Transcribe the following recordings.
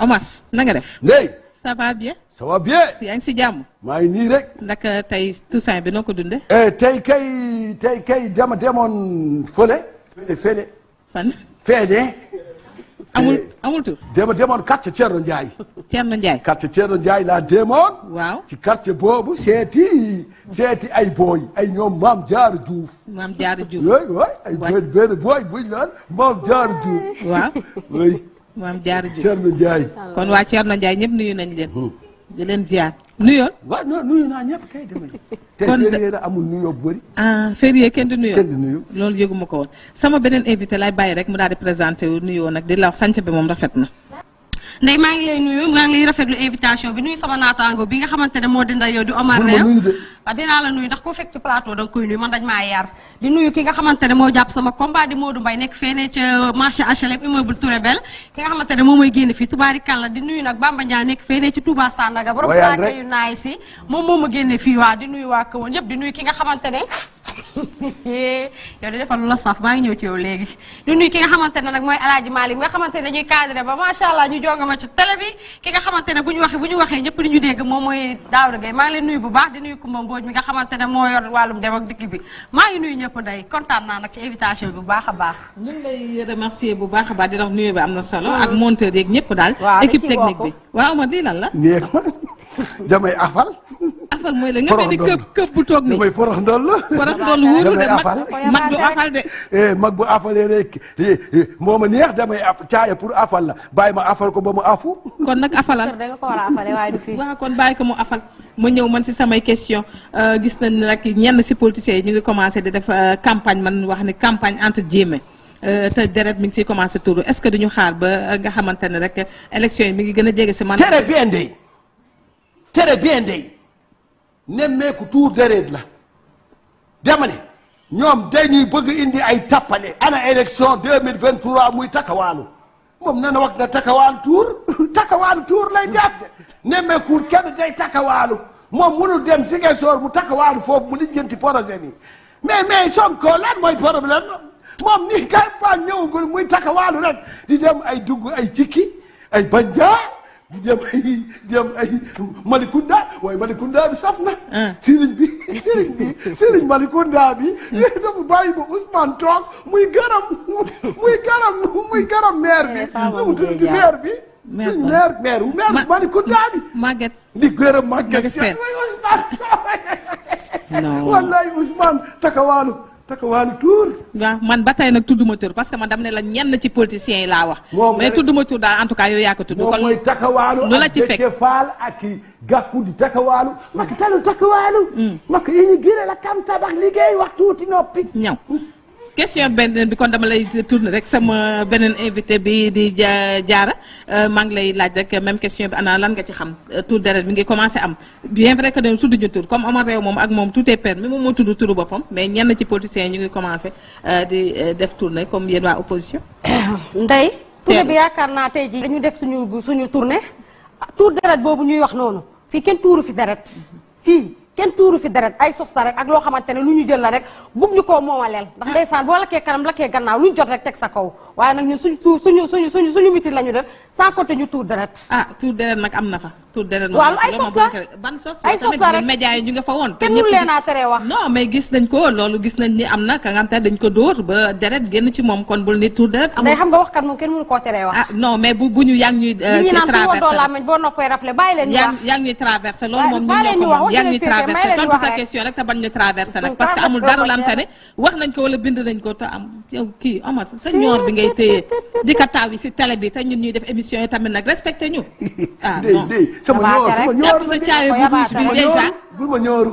Omar na nga def. Ndeye. ça va bien. ça va bien. ngi si jàmm. maa nii rek. ndaka euh, tey Toussaint bi noo ko dundee. Eh, tay kay tey kay dama demoon fële. fële. fan. feeñee. amul amul tur. dama demoon quartier Thierno Ndiaye. Thierno Ndiaye. quartier Thierno Ndiaye laa demoon. waaw ci quartier boobu seeti. seeti ay booy ay ñoom maam Diarra Diouf. maam Diarra Diouf waaw. maam Diarra Diouf Thierno Ndiaye. kon waa Thierno Ndiaye ñëpp nuyu nañ leen. di leen ziar nuyoon. waaw non nuyu naa ñëpp kay demee. kon te la amul nuyoo bëri. ah férié kenn du nuyoo kenn du nuyu. loolu yëguma ko woon sama beneen invité lay bàyyi rek mu daal di présenté wu nuyoo nag di la wax bi moom rafet na. ndey maa ngi lay nuyu maa ngi lay rafetlu invitation bi nuyu sama naataango bi nga xamante ne moo di nday yow di Omar Rew waaw ah, dinaa la nuyu ndax koo fekk ci plateau da nga koy nuyu man dañ maa yar di nuyu ki nga xamante ne moo jàpp sama combat di Modou Mbaye nekk fene ca H&M xamante ne moom mooy génn fii tubaarikàlla di nuyu nag Bamba Ndiaye nekk fene ci Touba Sandaga borom plateau yu naay si moom moom a génne fii waa di nuyu waa Kawoon yëpp di nuyu ki nga xamante ne yow di defal lu la saf maa ngi ñëw ci yow léegi du nuy ki nga xamante ne nag mooy alaaji Malick bi nga xamante ne dañuy cadré ba macha allah ñu jonga ma ci télé bi ki nga xamante ne bu ñu waxee bu ñu waxee ñëpp di ñu dégg moom mooy Daouda Gueye maa ngi leen nuyu bu baax di nuyu Kumba Mbooj mi nga xamante ne moo yor wàllum dem ak dikk bi maa ngi nuyu ñëpp day kontaan naa nag ci invitation bu baax a baax ñu ngi lay remercier bu baax a baax di tax nuyu bi am na solo ak monteur yeeg ñëpp daal équipe technique bi waaw ma lii lan la damay afal. afal mooy la nga mel ni këpp bu toog nii damay porox ndool la. porox ndool wóoru de mag mag afal de. Eh, mag bu afalee rek eh, eh, moo ma neex damay af caaya pour afal la bàyyi ma afal ko ba mu afu. kon nag afalal da nga ko war a kon bàyyi ko mu afal ma ñëw man si samay question euh, gis nañ ne nag ñenn si politiciens yi ñu ngi commencé di def euh, campagne man wax ne campagne entre guillemets. Euh, te deret mi ngi siy commencé tuuru est-ce que duñu xaar ba nga xamante ne rek élection yi mi ngi gën a jege si man. tere tere gaynde yi nemmeeku tuur deret la dama ne ñoom dañuy bëgg indi ay tappale ana élection deux mille vingt trois muy takawaalu moom nana wax na takawaalu tuur takawaalu tuur lay jàpp de nemmeekuul kenn day takawaalu moom munul dem Ziguinchor mu takawaalu foofu mu lijjanti projet bi mais mais Sonko lan mooy problème moom nii campagne ñëwagul muy takawaalu rek di dem ay dugg ay cikki ay banjaa di jëm ay jëm ay Malicounda waaye bi saf na. Ah. bi sëriñ bi sëriñ Malicounda bi. dafa bàyyi ba Ousmane toog muy muy garam muy garam maire bi. mu tudd maire bi. bi maire maire wu maire Malicounda bi. Maguette di gërëm Maguette Sène. non wallaay Ousmane takawaalu. takawaalu tuur. waaw man ba tey nag tudduma tur parce que man dam ne la ñenn ci politiciens yi laa wax. mais tudduma tur daal en tout cas yow yaa ko kon lu la ci fekk ak ak gàkku di takawaalu. makk mm. tanu takawaalu. makk mm. yi ñu gën la kam tabax liggéey wax tuuti noppi. ñaw. question beneen bi kon dama lay tourner rek sama benen invité bi di jaara euh, maa ngi lay laaj rek même question bi ana lan nga ci xam euh, tour deret mi ngi commencer am bien vrai que dañu tuddu tour comme Omar Rew moom ak mom tout est permis moom moo tuddu turu boppam mais ñen ci politiciens ñu ngi commencer euh, di def tournée comme yéen wa opposition. ndey tournée bi yaakaar naa tey jii dañu def suñu suñu tourner tour deret bobu ñuy wax nonu fi ken touru fi deret fi kenn tuuru fi deret ay sos la rek ak loo xamante ne lu ñu jël rek bugg ñu koo moomaleel ndax ndeysaan boo lakkee kanam lakkee la ñu def ah, la ban sos ay ñu nga fa woon kenn mënu a teree koo teree wax ah mais bu ñu yaa ñuy traversé loolu moom ñu ñoo ko moom yaa ñuy traversé traversé sa question rek te bañ ñu traversé nag parce que amul dara la am te ne wax nañ ko wala bind nañ ko te am sa ñoor bi ngay téye di taaw yi si télé bi te ñun ñuy def émission yi tamit nag respecté ñu ah sa caare bu rouge bi déjà bu ma ñooru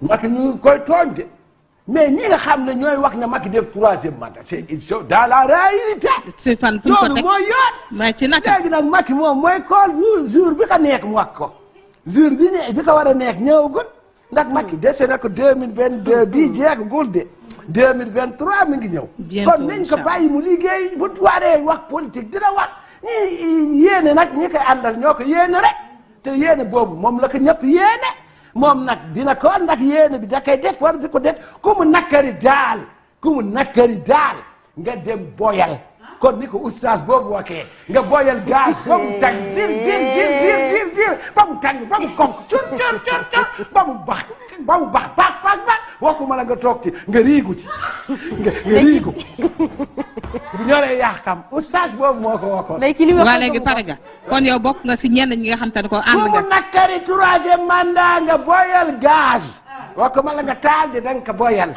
Macky ñu ngi koy tooñ de mais ñi nga xam ne ñooy wax ne Macky def troisième mandat c' est ils sont dans la réalité. si fan fu mu ko teg loolu mooy yoon. waaye ci naka léegi moom mooy kool bu jour bi ka nekk mu wax ko. jour bi ne bi ka war a nekk ñëwagul ndax Macky hmm. dese na ko deux mille vingt bi bii hmm. jeexagul de. deux mille vingt trois mi ngi ñëw. kon nañ ko bàyyi mu liggéey bu waree wax politique dina wax ñi yéene nag ñi koy àndal ñoo ko yéene rek te yéene boobu moom la ko ñëpp yéene. moom nag dina ko ndax yéene bi da koy def war di ko def ku mu nakkari daal ku mu nakkari daal nga dem boyal kon ni ko oustaz boobu waxee nga booyal gaz ba mu tàng dir dir dir dir ba mu tàng ba mu konk cur cur cur cur ba mu baax ba mu baax baax baax baax waxuma la nga toog ci nga riigu ci nga riigu bu ñoree yaa boobu moo ko waxoon waa léegi pare nga kon yow bokk nga si ñenn ñi nga xam te ne ko ànd nga mu nakkari troisième mandat nga booyal gaz ah. waxuma la nga taal di danga ko booyal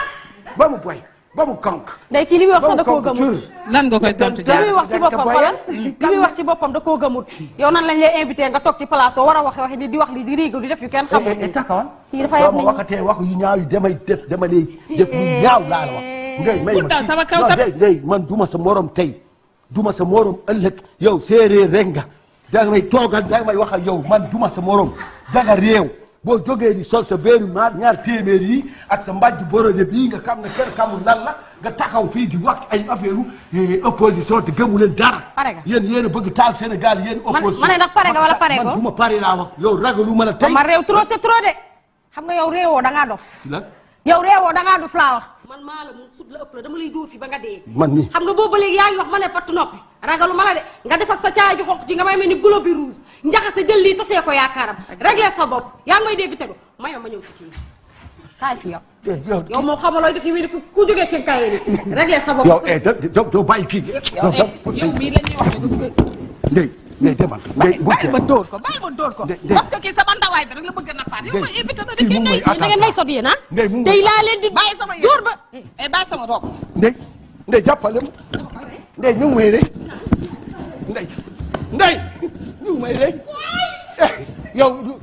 ba mu boy ba mu kànk. ndey kii li muy wax sax da koo gëmut lan nga koy tontu li muy wax ci boppam xoolal li ci boppam da koo gëmut yow nan lañ lay invité nga toog ci plateau war a wax wax di wax li di riiglu di def yu kenn xamul eh, eh, eh, kii dafa yeb nit ñi waxatee wax yu ñaaw yu demay def dama lay def yu ñaaw laa la wax ngay may ma sama kaw tamit ngay man duma sa morom tey duma sa morom ëllëg yow séeréer rek nga danga may toogal danga may wax ak yow man duma sa morom danga réew boo jógee di sol sa veeru maar ñaar téeméer yi ak sa mbàjj borode bii nga xam na kenn xamul lan la nga taxaw fii di wax ay affaire eh, opposition te gëmu leen dara. pare nga yéen yéen a bëgg taal Sénégal yéen. opposition man man ndax pare nga wala pare ko man ragalu ma la ma réew trop c'est de xam nga yow réewoo da ngaa dof. yow réewoo da ngaa dof man maa la mu sut la ëpp la dama lay dóor fi ba nga dee. man nii xam nga boobu ba léegi yaa ngi ma ne pattu noppi ragalu ma la de nga def ak sa caay ju xonq ji nga may mel ni globe bi rouge njaxase jël lii tasee ko yaakaaram réglé sa bopp yaa ngi may dégg tegu may ma ñëw ci kii kaay fi yow. yow moo xamalooy def yi mel ni ku jógee kenn kaay ni réglé sa bopp. yow eh doo bàyyi kii. yow eh yow mii la ñuy wax ndey demal ndey bu bàyyi ma dóor ko bàyyi ma dóor ko parce que kii sama ndawaay bi rek la bëgg a nappaat yow mooy invité na kii ngay da ngeen may sot yéen ah ndey mu tey laa leen di bàyyi sama yéen dóor ba eh bàyyi sama roog ndey ndey jàppale ma ndey ñu may rek ndey ndey ñu may rek yow